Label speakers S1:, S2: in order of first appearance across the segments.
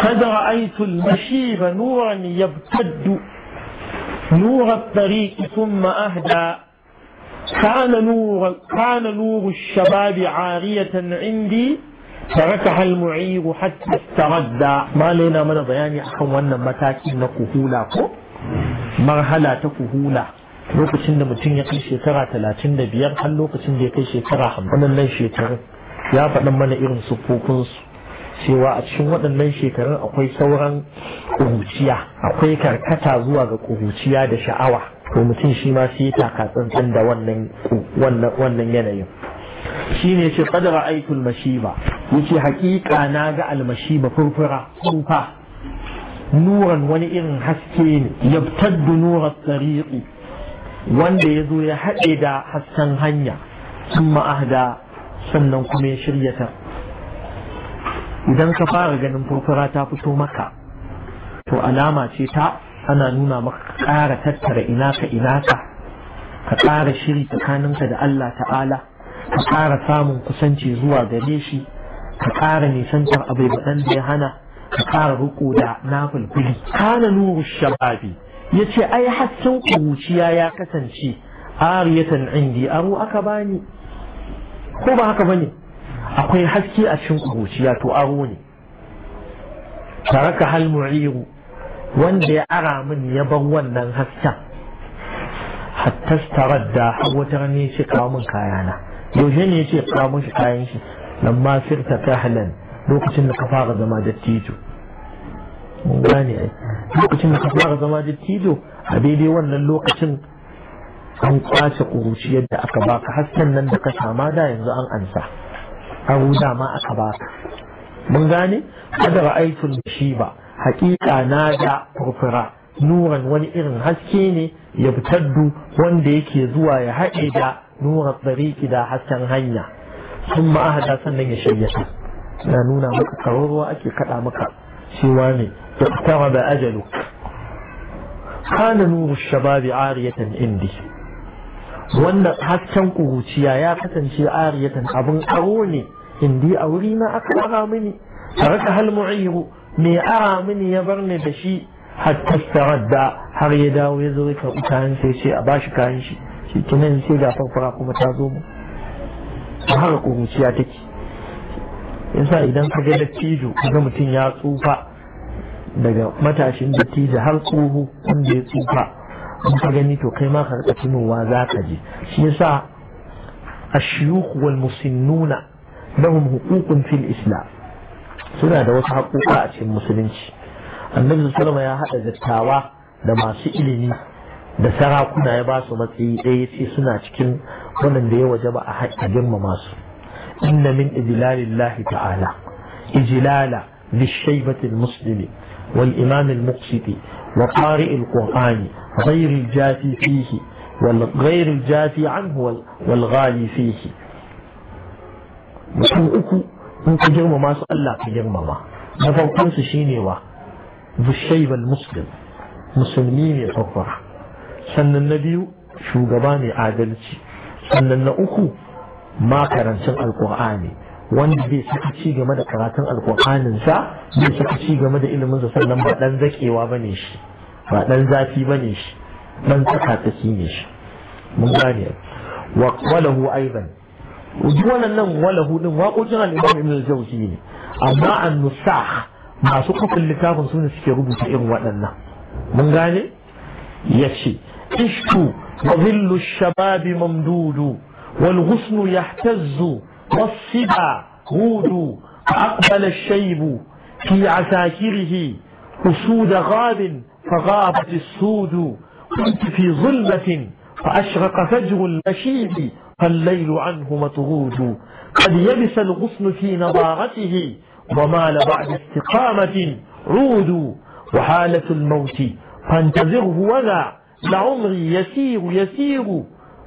S1: قد رأيت المشيب نورا يبتد نور الطريق ثم أهدى كان نور, كان نور الشباب عارية عندي تركها المعيب حتى استردى ما لنا من بيان أحوال أن متاكين كهولا مرحلة كهولا lokacin da mutum ya kai shekara talatin da biyar har lokacin da ya kai shekara hamsin nan shekarun ya faɗin mana irin siffofinsu cewa a cikin waɗannan shekarun akwai sauran ƙuruciya akwai karkata zuwa ga ƙuruciya da sha'awa to mutum shi ma sai taka tsantsan da wannan yanayin shi ne ce kadara aikul mashiba yace haƙiƙa na ga almashiba furfura tsufa nuran wani irin haske ne yabtaddu nura tsariƙi wanda ya zo ya haɗe da hasken hanya sun ma'ahda sannan kuma ya shirya ta idan ka fara ganin furfura ta fito maka to alama ce ta ana nuna maka ka ƙara tattara ina ka ina ka ka ƙara shiri tsakaninka da Allah ta'ala ka ƙara samun kusanci zuwa gare shi ka ƙara nisantar abaibaɗan da ya hana ka ƙara riko da nafulfuli kana nuru shababi ya ce ai hasken kuruciya ya kasance ariyatan indi aro aka bani ko ba haka bane akwai haske a cikin ƙuruciya to aro ne taraka hal mu'iru wanda ya ara min ya bar wannan hasken hatta staradda har wata ne shi kawo min kayana yaushe ne yace kawo min kayan shi ma sirta tahlan lokacin da ka fara zama dattijo mun gane ai lokacin da ka fara zama dattijo a daidai wannan lokacin an kwace kuruciyar da aka baka hasken nan da ka sama da yanzu an ansa Abuja ma aka ba mun gane kada ra'aytul ba. haƙiƙa na da furfura nuran wani irin haske ne ya fitaddu wanda yake zuwa ya haɗe da nuran tsariki da hasken hanya sun ma'ahada sannan ya shayyata na nuna maka karuwa ake kaɗa maka cewa ne da tara da ajalu kana nuru shababi ariyatan indi wannan hasken kuruciya ya kasance ariyatan abin aro ne in dai a wuri na aka ara mini raka hal mu'iru me ara mini ya bar ni da shi har ta da har ya dawo ya zo ya karɓi sai ce a bashi kayan shi shi kinan sai ga farfara kuma ta zo mu a haka kuruciya take yasa idan ka ga dattijo kaga mutum ya tsufa daga matashin dattijo har tsoho wanda ya tsufa in ka gani to kai ma ka rika tunowa za ka je shi yasa ashiyukh wal musinnuna لهم حقوق في الإسلام سنة دوس حقوقات في المسلمين النبي صلى الله عليه وسلم يا هذا التاوى لما سئلني da sarakuna ya ba su matsayi ɗaya ce suna cikin waɗanda ya waje ba a haƙƙa girmama su inna min ijlalillahi ta'ala ijlala lishaibatil muslimi wal imam al muqsiti wa qari al qur'ani ghayr al jafi fihi wal ghayr al jafi anhu wal ghali fihi mutum uku in ku girmama su Allah ka girmama na farkon su shine wa bushaibal muslim musulmi ne tsakwara sannan na biyu shugaba mai adalci sannan na uku makarancin alkur'ani wanda bai saka ci game da karatun alkur'aninsa bai saka ci game da iliminsa sannan ba dan zakewa ba ne shi ba dan zafi ba ne shi dan tsaka tsaki ne shi mun gane wa walahu aiban ودولا نم وله نم وقلتنا الإمام ابن الجوزي أما النساخ ما سقط اللتاف سنة سكيرو بتئر ولنا من قال يشي عشت وظل الشباب ممدود والغصن يحتز والصبا غود فأقبل الشيب في عساكره أسود غاب فغابت السود كنت في ظلمة فأشرق فجر المشيب فالليل عنه مطرود قد يبس الغصن في نضارته ومال بعد استقامة عود وحالة الموت فانتظره ولا لعمري يسير يسير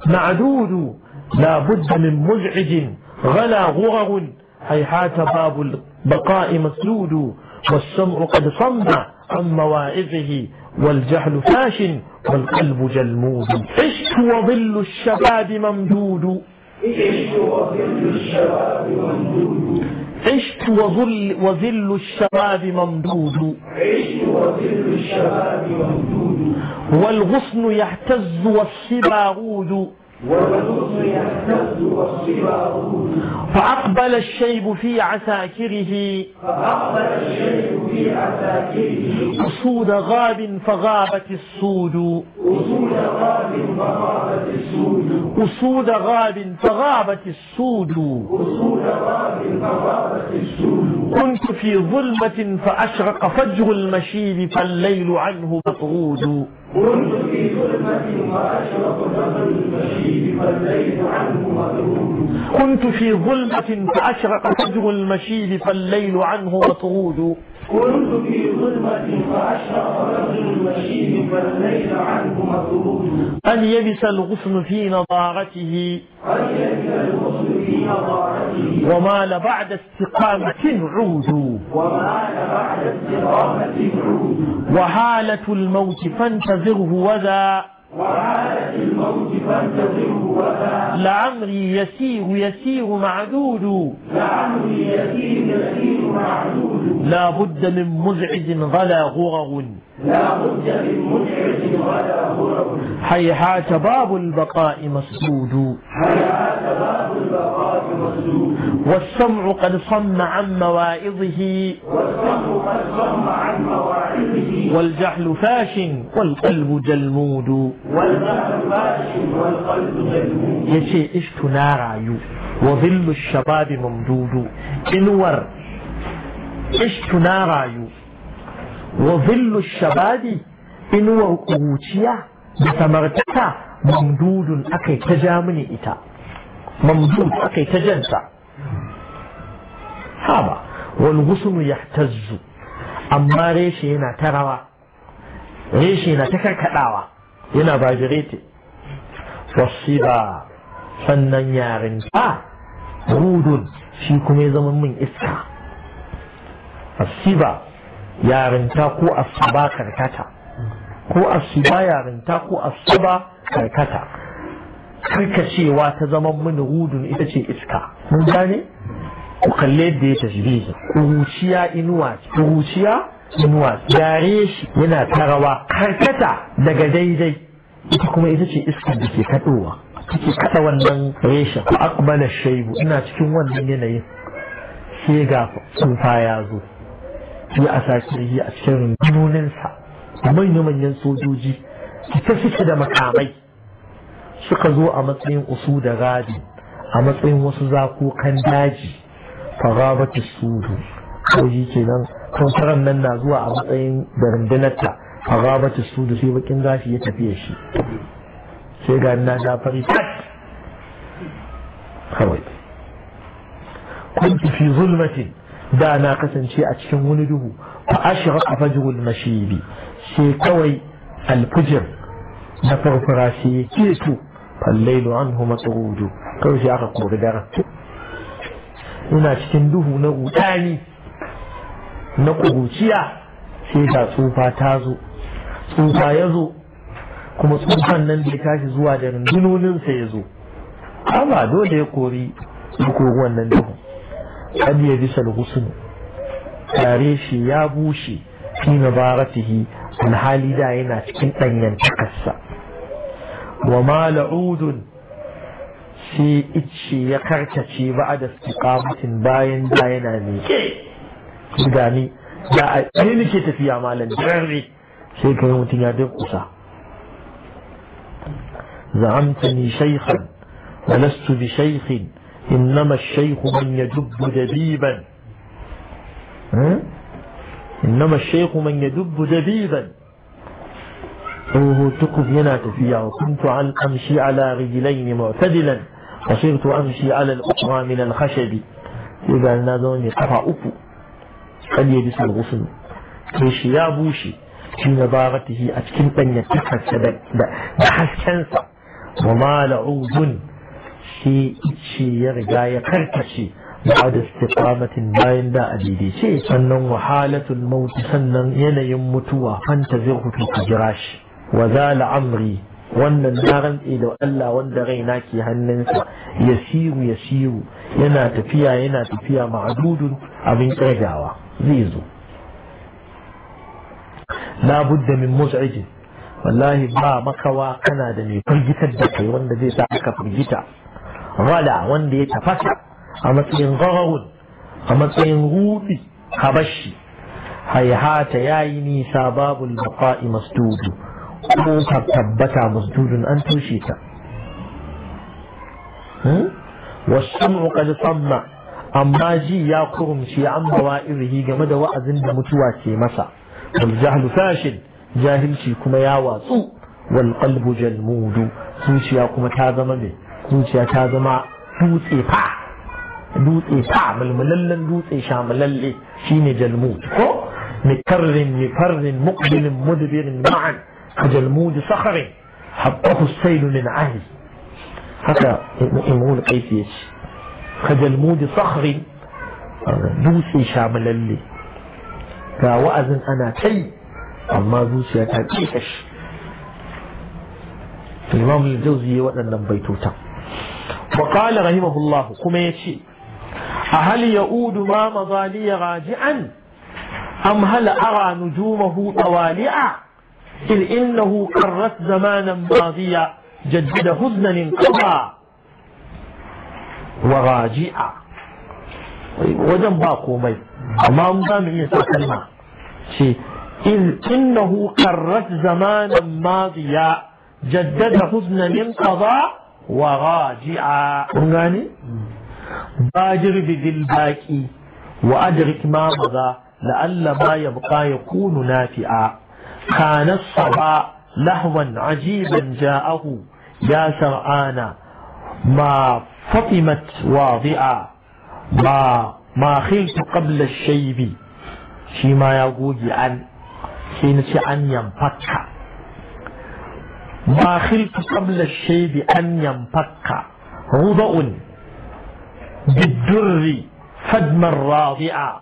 S1: معدود لا بد من مزعج غلا غرر هيحات باب البقاء مسدود والسمع قد صم عن مواعظه والجهل فاش والقلب جلمود عشت وظل الشباب ممدود عشت وظل وظل الشباب ممدود
S2: عشت وظل الشباب ممدود
S1: والغصن يهتز والشبا غود فأقبل الشيب في عساكره
S2: فأقبل الشيب في عساكره
S1: أسود غاب فغابت السود
S2: أسود غاب فغابت
S1: السود أسود غاب فغابت السود أسود غاب فغابت السود كنت في ظلمة فأشرق فجر المشيب فالليل عنه مطرود
S2: كنت في ظلمة فأشرق ذقن المشيب فالليل عنه مطرود
S1: كنت في ظلمة فأشرق فجر المشيب فالليل عنه مطرود
S2: كنت في ظلمة فأشرق رجل مشيب فالليل عنه مطلوب
S1: أن يبس الغصن في نضارته
S2: أن يبس الغصن في نضارته
S1: وما لبعد استقامة عود
S2: وما لبعد استقامة عود
S1: وهالة الموت فانتظره وذا
S2: الموت فانتظره وفاء
S1: لعمري يسير يسير معدود
S2: لعمري يسير يسير معدود
S1: لا بد من مزعج غلا غرغ
S2: لا بد من مزعج غلا
S1: حيحات باب البقاء مسدود
S2: حيحات باب
S1: والسمع قد صم عن مواعظه والجهل فاش والقلب جلمود يشي عشت عيو وظل الشباب ممدود انور عشت عيو وظل الشباب انور kuruciya بثمرتك ممدود اكي تجامني اتا ممدود حقي تجنسع هذا والغصن يحتز أما ريشينا تروى ريشينا تكركتاوى هنا باجريتي والصيبا فنن يارن برود آه. شي كومي زمن من اسكا الصيبا يارن تاكو الصبا كالكتا كو الصبا يارن تاكو الصبا كالكتا karkacewa ta zaman mini hudun ita ce iska mun gane ku kalle da ya tasbihi ruciya inuwa ruciya inuwa dare shi yana tarawa karkata daga daidai ita kuma ita ce iska da ke kadowa take kada wannan reshen akbala shaibu ina cikin wannan yanayin sai ga tsufa ya zo sai a sake a cikin rundunoninsa manyan manyan sojoji ta suke da makamai suka zo a matsayin usu da gadi a matsayin wasu zakokan daji farabatu sudu koji kenan kausaran nan na zuwa a matsayin da rundunarta farabatu sudu sai bakin gashi ya tafi shi sai ga na da fari kawai kuntu fi zulmatin da na kasance a cikin wani duhu fa ashraqa fajrul mashibi sai kawai alfujir na farfara sai ya keto fallailu anhu matsurudu kawai sai aka kori daren ina cikin duhu na rudani na ƙuruciya sai ta tsufa ta zo tsufa ya zo kuma tsufan nan da ya tashi zuwa da rundunoninsa ya zo amma dole ya kori kori nan duhu kan ya bisa husnu tare shi ya bushe fi mabaratihi hali da yana cikin ɗanyen takarsa وما لعود شي اتشي يكركشي بعد استقامة باين باين اميكي داني جاء اين شي تفيا مالا جري شي كيوم تنيا دقوسا زعمتني شيخا ولست بشيخ انما الشيخ من يدب دبيبا انما الشيخ من يدب دبيبا وهوتكم ينا فيها وكنت عن أمشي على رجلين معتدلا وصرت أمشي على الأخرى من الخشب إذا نادوني قفا أفو قد يبس الغصن كيش يا بوشي في نظارته أتكن أن يتحس كنسا وما لعود في إتشي يرجع يقركشي بعد استقامة ما يندى أديدي شيء فنن وحالة الموت فنن ينا متوى فانتظره في الجراش وزال عمري وان النار الى الله وان غيناك هننسا يسير يسير ينا تفيا ينا تفيا معدود ابن تجاوى زيزو لا بد من مزعج والله ما مكوا كنا دني فرجت الدكي وان زي ساكا فرجتا غلا وان دي تفكا اما سين غغغون اما سين غودي حبشي هيهات يا يني سباب البقاء مسدود ko tabbata masdudun an toshe ta wasu qad samma amma ji ya kurumce an bawa'irihi game da wa'azin da mutuwa ke masa wal jahlu fashin jahilci kuma ya watsu wal qalbu jalmudu zuciya kuma ta zama me zuciya ta zama dutse fa dutse fa mulmulallen dutse shamulalle shine jalmud ko mikarrin mifarrin muqbilin mudbirin ma'an عجل موج صخري حقه السيل من عهد حتى يقول كيف يش خجل موج صخري دوسي شامل اللي لا وأذن أنا شيء أما دوسي أنا كيفش الإمام الجوزي وأنا لم بيتوتا وقال رحمه الله كما أهل يؤود ما مضالي راجعا أم هل أرى نجومه طوالئا إذ إنه كرس زمانا ماضيا جدد حزنا انقضى وراجئا وجن باقو مي ما مدام يسا إيه كلمة شي إذ إنه كرس زمانا ماضيا جدد حزنا انقضى وراجئا رنغاني باجر بذي الباكي وأدرك ما مضى لعل ما يبقى يكون نافئا كان الصبا لهوا عجيبا جاءه يا سرعان ما فطمت واضعا ما ما خلت قبل الشيب شيما يقول عن حين أن ينفك ما خلت قبل الشيب أن ينفك غضأ بالدر فدما راضعا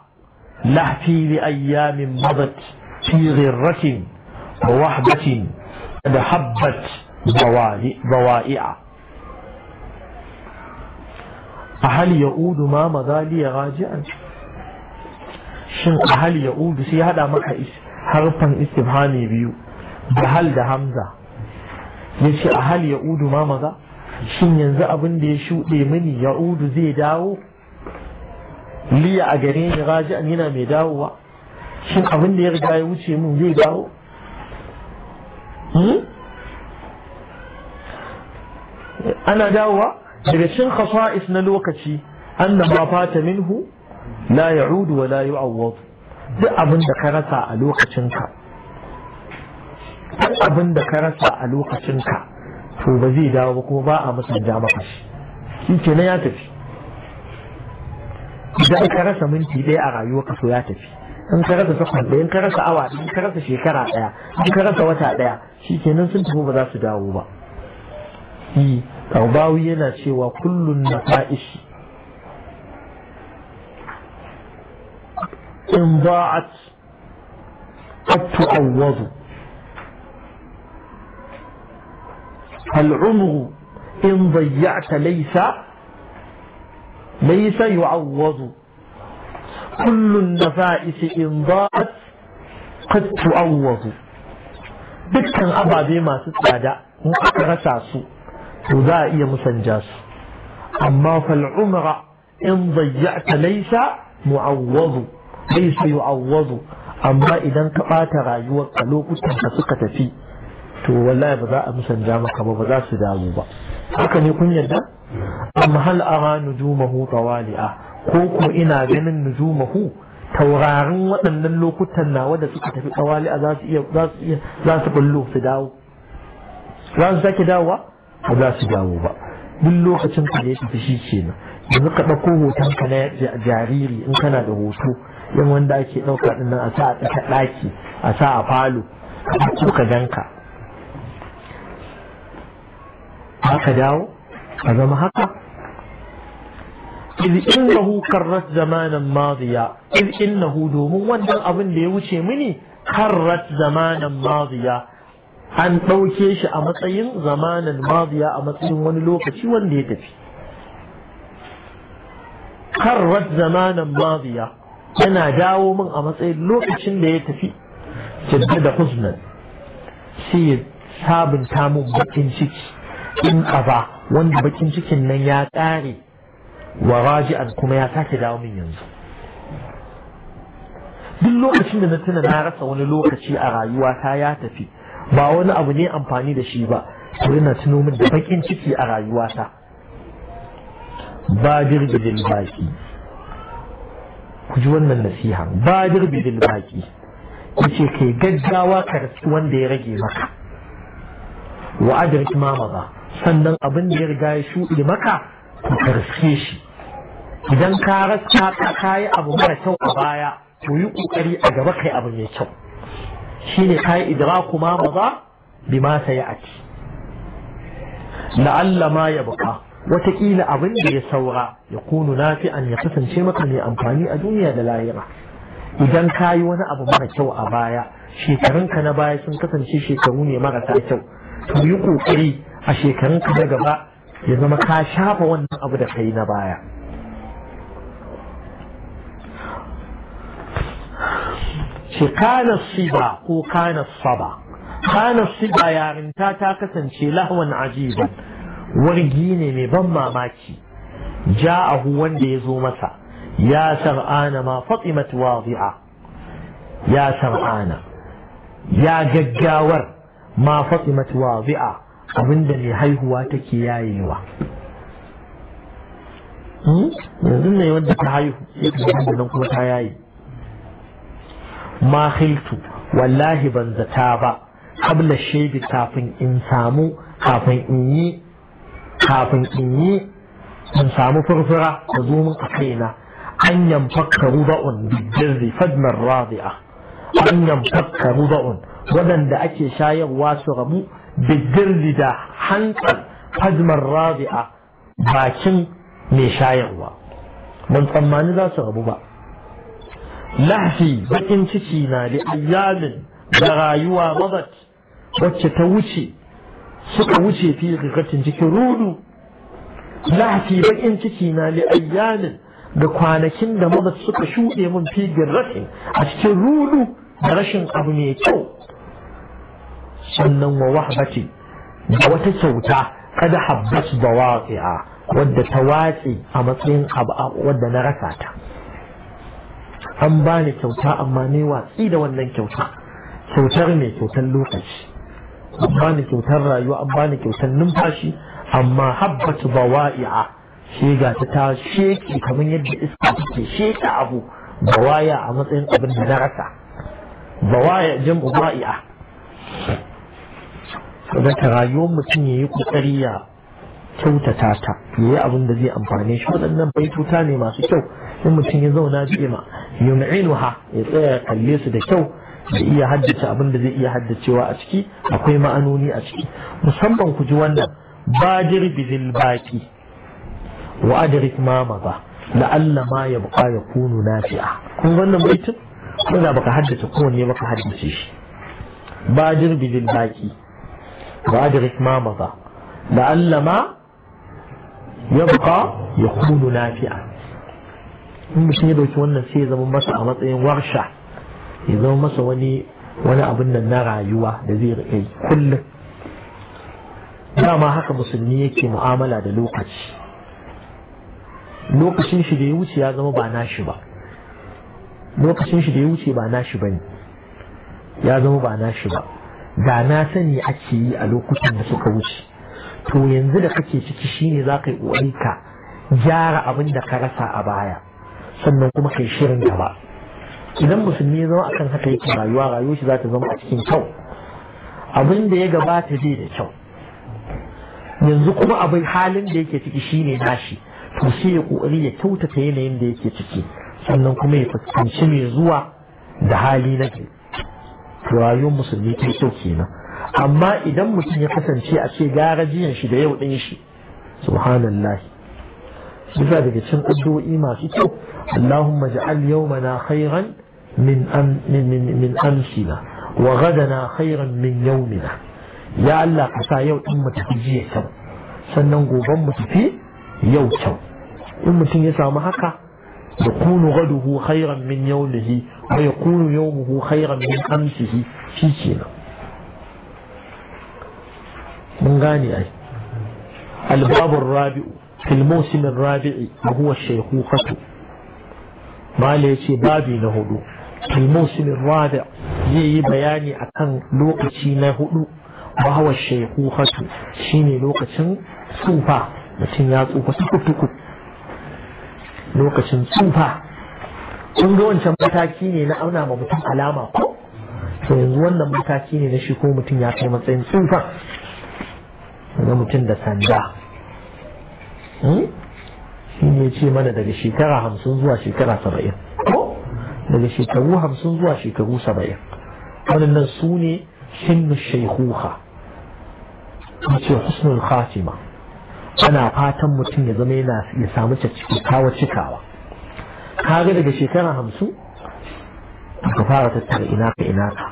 S1: لهفي لأيام مضت في غرة ووحدة قد حبت بوائع أهل يؤود ما مضى لي راجعا شن أهل يؤود سي هذا ما حيث حرفا استفهامي بيو بهل ده همزة يشي أهل يؤود ما مضى شن ينزع بندي شو دي مني يؤود زي داو لي أجرين راجعا هنا مداوة داو shin abin da ya riga ya wuce min zai dawo hmm? ana dawowa daga cikin khasa'is na lokaci anna ma fata minhu la ya'udu wa la yu'awwad duk abin da ka rasa a lokacinka duk abin da ka rasa a lokacinka to ba zai dawo ba kuma ba a musanja maka shi shi kenan ya tafi idan ka rasa minti ɗaya a rayuwarka so ya tafi in ka rasa takwas ɗaya in ka rasa awa in ka rasa shekara ɗaya in ka rasa wata ɗaya shikenan sun tafi ba za su dawo ba Taubawi hmm. yana cewa kullun na fa'ishi in ba'at قد تعوض العمر إن ضيعت ليس ليس يعوض كل النفائس إن ضاعت قد تعوض دكتن أبادي ما تتعدى مؤكرة ساسو تذائي مسنجاس أما فالعمر إن ضيعت ليس معوض ليس يعوض أما إذا انقطعت رأي وقلوك تنفسك تفي تو والله بذاء مسنجامك وبذاء سداوبا haka ne kun yarda amma hal ara nujumahu tawali'a ko ko ina ganin nujumahu taurarin waɗannan lokutan nawa da suka tafi tawali'a za su iya za su za su bullo su dawo za su sake dawowa ba za su dawo ba duk lokacin ka da ya tafi shi kenan yanzu ka ɗauko hoton ka na jariri in kana da hoto yan wanda ake ɗauka ɗin nan a sa a ɗaki a sa a falo ka ka ganka haka dawo a zama haka iz innahu karrat zamanan madiya iz innahu domin wannan abin da ya wuce mini karrat zamanan madiya an ɗauke shi a matsayin zamanan madiya a matsayin wani lokaci wanda ya tafi karrat zamanan madiya yana dawo min a matsayin lokacin da ya tafi jadda da huznan sai ya sabunta min bakin ciki in aba wanda bakin cikin nan ya ƙare wa raji'an kuma ya sake dawo min yanzu duk lokacin da na tuna na rasa wani lokaci a rayuwa ta ya tafi ba wani abu ne amfani da shi ba to yana tuno min da bakin ciki a rayuwata Ba bidil baki ku ji wannan nasiha badir bidil baki kace kai gaggawa ka rasu wanda ya rage maka wa adrik ma maza sannan abin da ya riga ya shuɗe maka to ka riske shi idan ka rasa ka kayi abu mara kyau a baya to yi kokari a gaba kai abu mai kyau shine kayi idraku ma maza a ci la'alla ma ya buka wataƙila abin da ya saura ya kunu an ya kasance maka mai amfani a duniya da lahira idan ka yi wani abu mara kyau a baya shekarunka na baya sun kasance shekaru ne marasa kyau to yi ƙoƙari a shekarun kada na gaba ya zama ka shafa wannan abu da kai na baya ce kana siba ko kana saba kana siba yarinta ta kasance lahwan ajiban wargi ne mai ban mamaki Ja a wanda ya zo masa ya sar'ana ma fatimat wadi'a ya sar'ana ya gaggawar ma fatimat wadi'a abinda mai haihuwa take yayewa yanzu ne wadda ta haihu sai kuma ta yaye ma khiltu wallahi ban zata ba kabla shaibi kafin in samu kafin in yi kafin in yi in samu furfura da zo min kaina an yamfakka ruba'un biddirri fadmar radi'a an yamfakka ruba'un wadanda ake shayarwa su rabu بالدرد دا حنقل قدم الرابعة باكن ميشايعوا من طماني لا تغبوا لحفي بكن تشينا لأيام لغايوا مضت وتتوشي سكوشي في غغة تكرولو لحفي بكن تشينا لأيام da kwanakin da mazat suka shuɗe mun fi girratin a sannan wa wahbati da wata kyauta kada habbas da waqi'a wadda ta watse a matsayin abu wadda na rasa ta an bani kyauta amma ne watsi da wannan kyauta kyautar ne kyautar lokaci an bani kyautar rayuwa an bani kyautar numfashi amma habbat bawa'i'a shi ga ta ta sheki kamar yadda iska take sheka abu waya a matsayin abin da na rasa waya, jam'u ba'i'a saboda rayuwar mutum ya yi kokari ya kyautata ta ya yi abin da zai amfane shi waɗannan baituta ne masu kyau in mutum ya zauna inu ha ya tsaya kalle su da kyau da iya haddace abin da zai iya haddacewa a ciki akwai ma'anoni a ciki musamman ku ji wannan bajir bizil baki wa adrik ma maza la'alla ma ya buƙa ya kunu a kun wannan baitin ko da baka haddace kowanne baka haddace shi bajir bizil baki بادرك ما مضى لعل ما يبقى يكون نافئا مش نيدو يتوانا سي إذا مبسا أغطين ورشا إذا مبسا وني وانا أبنى النار عيوة لذير أي كل لا ما هكا مسلمية كي معاملة دلوقتي لوقتي شي دي وشي هذا مبع ناشبا لوقتي شي دي وشي بع ناشبا يا ذنوب ناشبا da na sani ake yi a lokutan da suka wuce to yanzu da kake ciki shine za ka yi ƙoƙari ka gyara abin da ka rasa a baya sannan kuma kai shirin gaba idan musulmi ya zama akan haka yake rayuwa rayuwar shi za ta zama a cikin kyau abin da ya gabata zai da kyau yanzu kuma abin halin da yake ciki shine nashi to sai ya ƙoƙari ya kyautata yanayin da yake ciki sannan kuma ya fuskanci mai zuwa da hali na gari to rayuwar musulmi ta kyau kenan amma idan mutum ya kasance a ce gara jiyan shi da yau din shi subhanallah bisa daga cin addu'o'i masu kyau Allahumma ja'al yawmana khairan min an min min amsina wa ghadana khairan min yawmina ya Allah ka sa yau din mu tafi jiya kyau sannan goban mu tafi yau kyau in mutum ya samu haka يكون غده خيرا من يومه ويكون يومه خيرا من أمسه في كينا من غاني أي الباب الرابع في الموسم الرابع وهو الشيخوخة ما ليش بابي نهدو في الموسم الرابع يي بياني أكن لوقتي نهدو وهو الشيخوخة شيني لوقتي سوفا لكن يا سوفا lokacin tsufa kun ga wancan mataki ne na auna ma mutum alama ko to yanzu wannan mataki ne na shi ko mutum ya kai matsayin tsufa na mutum da sanda hmm? shi ne ce mana daga shekara hamsin zuwa shekara saba'in daga shekaru hamsin zuwa shekaru saba'in waɗannan su ne shinnu shaikuha ce husnul khatima ana fatan mutum ya zama yana ya samu kawo cikawa kaga daga shekara hamsin ka fara tattara ina ka ina ka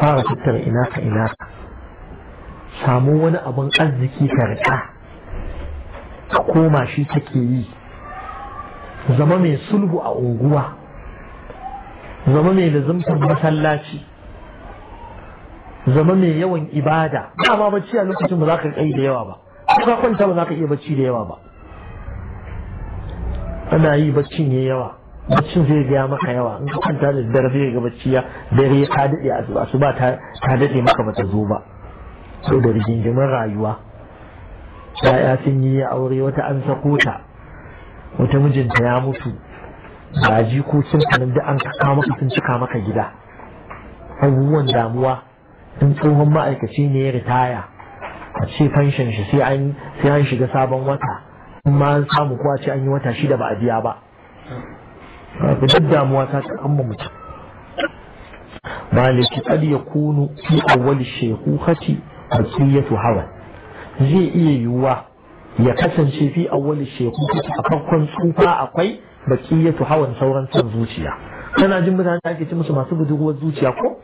S1: fara tattara ina ka ina ka samu wani abin arziki ka riƙa ka koma shi take yi zama mai sulhu a unguwa zama mai lazumtar masallaci zama mai yawan ibada dama bacci a lokacin ba za ka kai da yawa ba ko ka kwanta ba za ka iya bacci da yawa ba ana yi bacci ne yawa baccin zai gaya maka yawa in ka kwanta da dare zai ga bacci ya dare ya ta dade a su ba ta dade maka ba ta zo ba sau da rigingimin rayuwa ya'ya sun yi aure wata an sako ta wata mijinta ya mutu ba jikokin sanin da an kaka maka sun cika maka gida abubuwan damuwa in tsohon ma'aikaci ne ya ritaya a ce fanshin shi sai an shiga sabon wata in ma samu kuwa ce an yi wata shida ba a biya ba ku duk damuwa ta kan mu mutum maliki ya kunu, fi awwal a tsiyatu hawa zai iya yiwuwa ya kasance fi awwal shaykhati a farkon tsufa akwai baqiyatu hawan sauran san zuciya kana jin mutane ake ci musu masu budurwar zuciya ko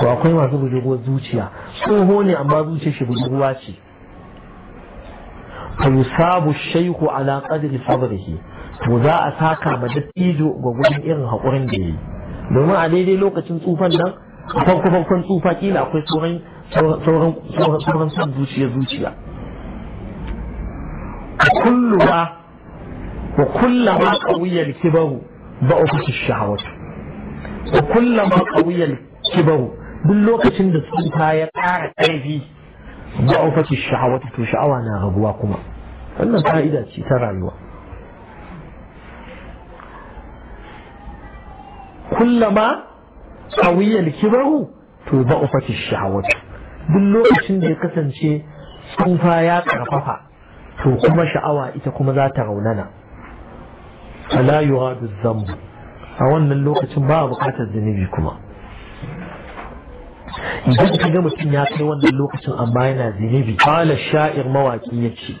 S1: so akwai masu budurwar zuciya tsoho ne amma zuciyar shi budurwa ce fa yusabu shaihu ala qadri sabrihi to za a saka ma dattijo ga gudun irin haƙurin da yi domin a daidai lokacin tsufan nan farko farkon tsufa kila akwai sauran son zuciya zuciya kulluwa wa ma qawiyal kibaru ba'u fi shahawatu
S2: wa ma
S1: qawiyal kibaru duk lokacin da tsufa ya ƙara ƙarfi ضعفت الشهوة to sha'awa na rabuwa kuma wannan fa'ida ce ta rayuwa kullama qawiya al-kibaru to ضعفت الشهوة duk lokacin da ya kasance tsufa ya karfafa to kuma sha'awa ita kuma za ta raunana fala yuradu dhanbu a wannan lokacin ba bukatar zunubi kuma idan ka ga mutum ya kai wannan lokacin amma yana zunubi qala sha'ir mawaki yace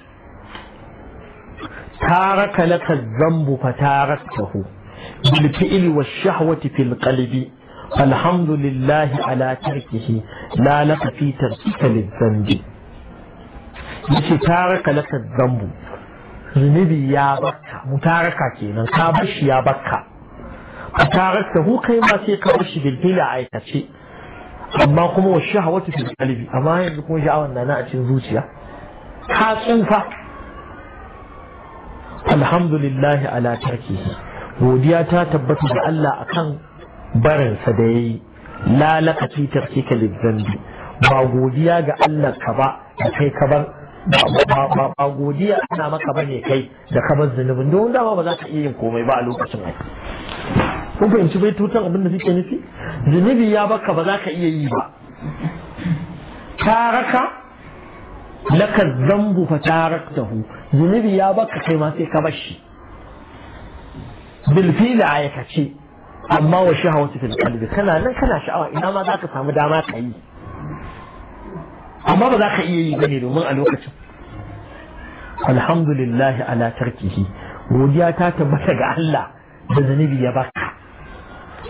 S1: taraka laka zambu fa taraktahu bil fi'li wash shahwati fil qalbi الحمد لله على تركه لا لك في تركك للذنب yace taraka laka zambu zunubi ya bakka mutaraka kenan ka bashi ya bakka mutaraka hu kai ma sai ka bashi bilbila aikace amma kuma wa shahawatu fil qalbi amma yanzu kuma sha'awar na na a cikin zuciya ka tsufa alhamdulillah ala tarki godiya ta tabbata da Allah akan barin sa da yayi la laqati tarkika lidhanbi ba godiya ga Allah ka ba da kai ka bar ba godiya ana maka bane kai da ka bar zunubin don dama ba za ka iya yin komai ba a lokacin aiki kun fahimci bai tutan abin da suke nufi zunubi ya baka ba za ka iya yi ba taraka laka zambu fa taraktahu zunubi ya baka kai ma sai ka bar shi bil fil ayakace amma wa shahawati fil qalbi kana nan kana sha'awa ina ma zaka samu dama ka yi
S2: amma ba za ka iya yi
S1: bane domin a lokacin alhamdulillahi ala tarkihi godiya ta tabbata ga Allah da zunubi ya baka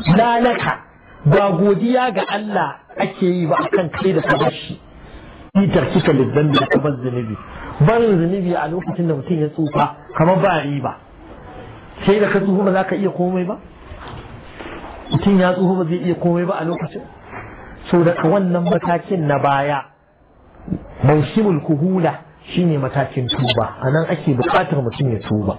S1: lalaka ba godiya ga Allah ake yi ba akan kai da ka shi. fitar kika lidan da kuma bar zunubi barin zunubi a lokacin da mutum ya tsufa kamar ba riba sai da ka tsufa ba za ka iya komai ba mutum ya tsufa ba zai iya komai ba a lokacin so daga wannan matakin na baya mausimul kuhula shine matakin tuba anan ake bukatar mutum ya tuba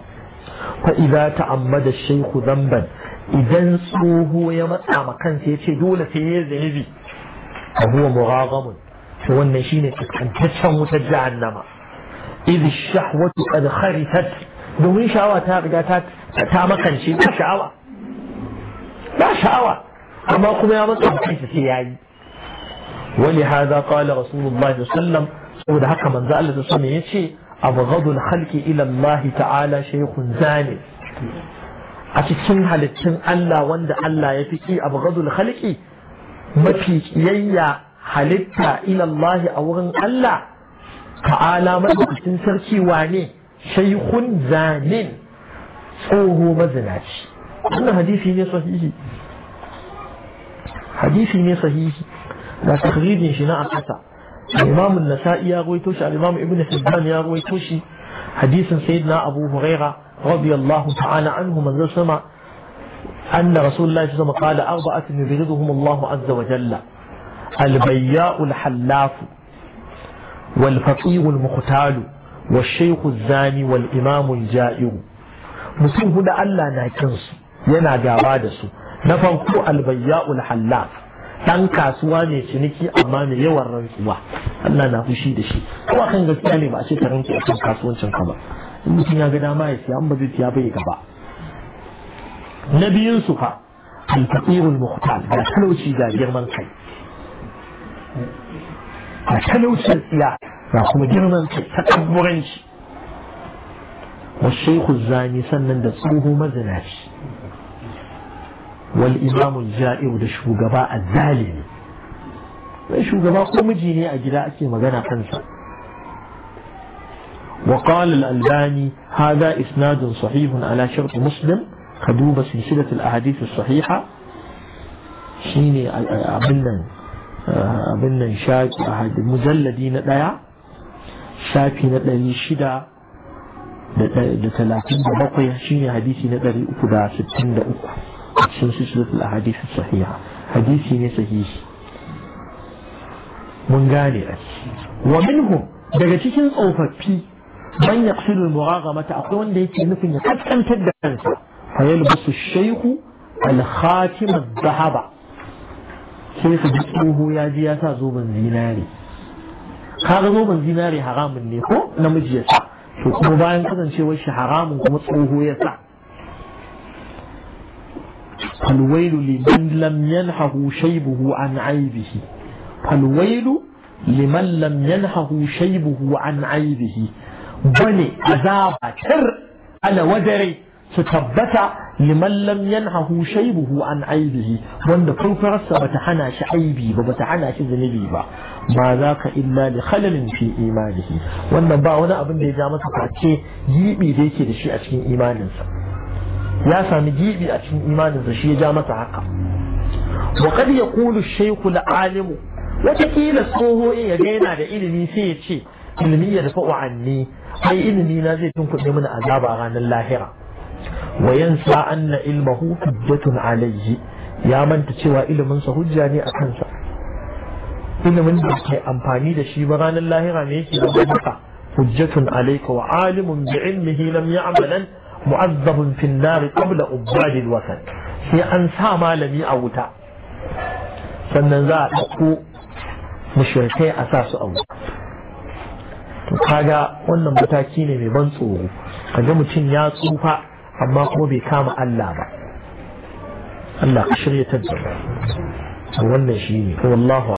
S1: fa idza ta'ammada shaykhu dhanban idan tsoho ya matsa ma kansa ya ce dole sai ya zunubi a huwa muragamun to wannan shi ne tsakantaccen wutar jahannama idh shahwatu qad kharitat domin sha'awa ta riga ta ta makance ba sha'awa ba sha'awa amma kuma ya matsa ma kansa sai ya yi wani haza qala rasulullahi sallam saboda haka manzo Allah da ya ce abu abghadul halki ila Allah ta'ala shaykhun zani a cikin halittun Allah wanda Allah ya fi ki abghadul halƙi, mafi kiyayya halitta ilallahi a wurin Allah ta'ala madaukakin sarki wane shaikun zanin tsoho mazinaci wannan hadisi ne sahihi hadisi ne sahihi da takhrijin shi na akasa imam nasai ya rawaito shi imam ibn hibban ya rawaito shi hadisin sayyidina abu huraira رضي الله تعالى عنهم من سمع أن رسول الله صلى الله عليه وسلم قال أربعة يبغضهم الله عز وجل البياء الحلاف والفقير المختال والشيخ الزاني والإمام الجائر مسلم هنا ألا ناكنس ينا جابادس نفنقو البياء الحلاف تنكا سواني سنكي أمامي يورن سواه ألا نفشي دشي وخنجل تاني باشي ترنكي أتنكا سوان شنكبا in mutum ya ga dama ya siya an ba zai siya bai gaba na biyun su fa alfaqirul muhtar da talauci da girman kai a talauci tsiya ga kuma girman kai ta tabburanci والشيخ الزاني سنن دسوه مزناش والإمام الجائر ده شوغباء shugaba ko miji ne a gida ake magana kansa وقال الألباني هذا إسناد صحيح على شرط مسلم خدوب سلسلة الأحاديث الصحيحة شيني أبنن أبنن شاك أحد المجلدين لايا شاكي نتلي شدا لتلاتين بقية شيني حديثي نتلي أكدا ستين دا أكو سلسلة الأحاديث الصحيحة حديثي نسهيش من غاني ومنهم دغتيكين أوفا بي من يقصد المغاغمة أقول ليس نفن قد كان تدرس فيلبس الشيخ الخاتم الذهب كيف جسمه يا جياسا زوب الزيناري هذا زوب الزيناري حرام النيخو نمج يسا شو مباين كذا نشي وش حرام ومطلوه يسا فالويل لمن لم ينحه شيبه عن عيبه فالويل لمن لم ينحه شيبه عن عيبه bane azaba alawadarai ala wadare su tabbata liman lam yanhahu shaybuhu an aibihi wanda farfarsa bata hana shi aibi ba bata hana shi zunubi ba ma za ka illa li khalalin fi imanihi wannan ba wani abin da ya ja masa face gibi da yake da shi a cikin imaninsa ya sami gibi a cikin imaninsa shi ya ja masa haka wa qad yaqulu shaykhu alimu wataƙila tsoho ya ga yana da ilimi sai ya ce ilmi ya dafa anni ai ilimi na zai tunkuɗe mana azaba ranar lahira wa sa'an anna ilmahu hujjatun alayhi ya manta cewa ilimin sa hujja ne a kansa ilimin da kai amfani da shi ba ranar lahira ne yake da maka hujjatun alayka wa alimun bi ilmihi lam ya'malan mu'azzabun fi an-nar qabla ubadil wasan sai an sa malami a wuta sannan za a ɗauko mushrikai a sa su a wuta to kaga wannan mataki ne mai ban tsoro kaga mutum ya tsufa amma kuma bai kama Allah ba Allah ka shirya ta wannan shi ne wallahu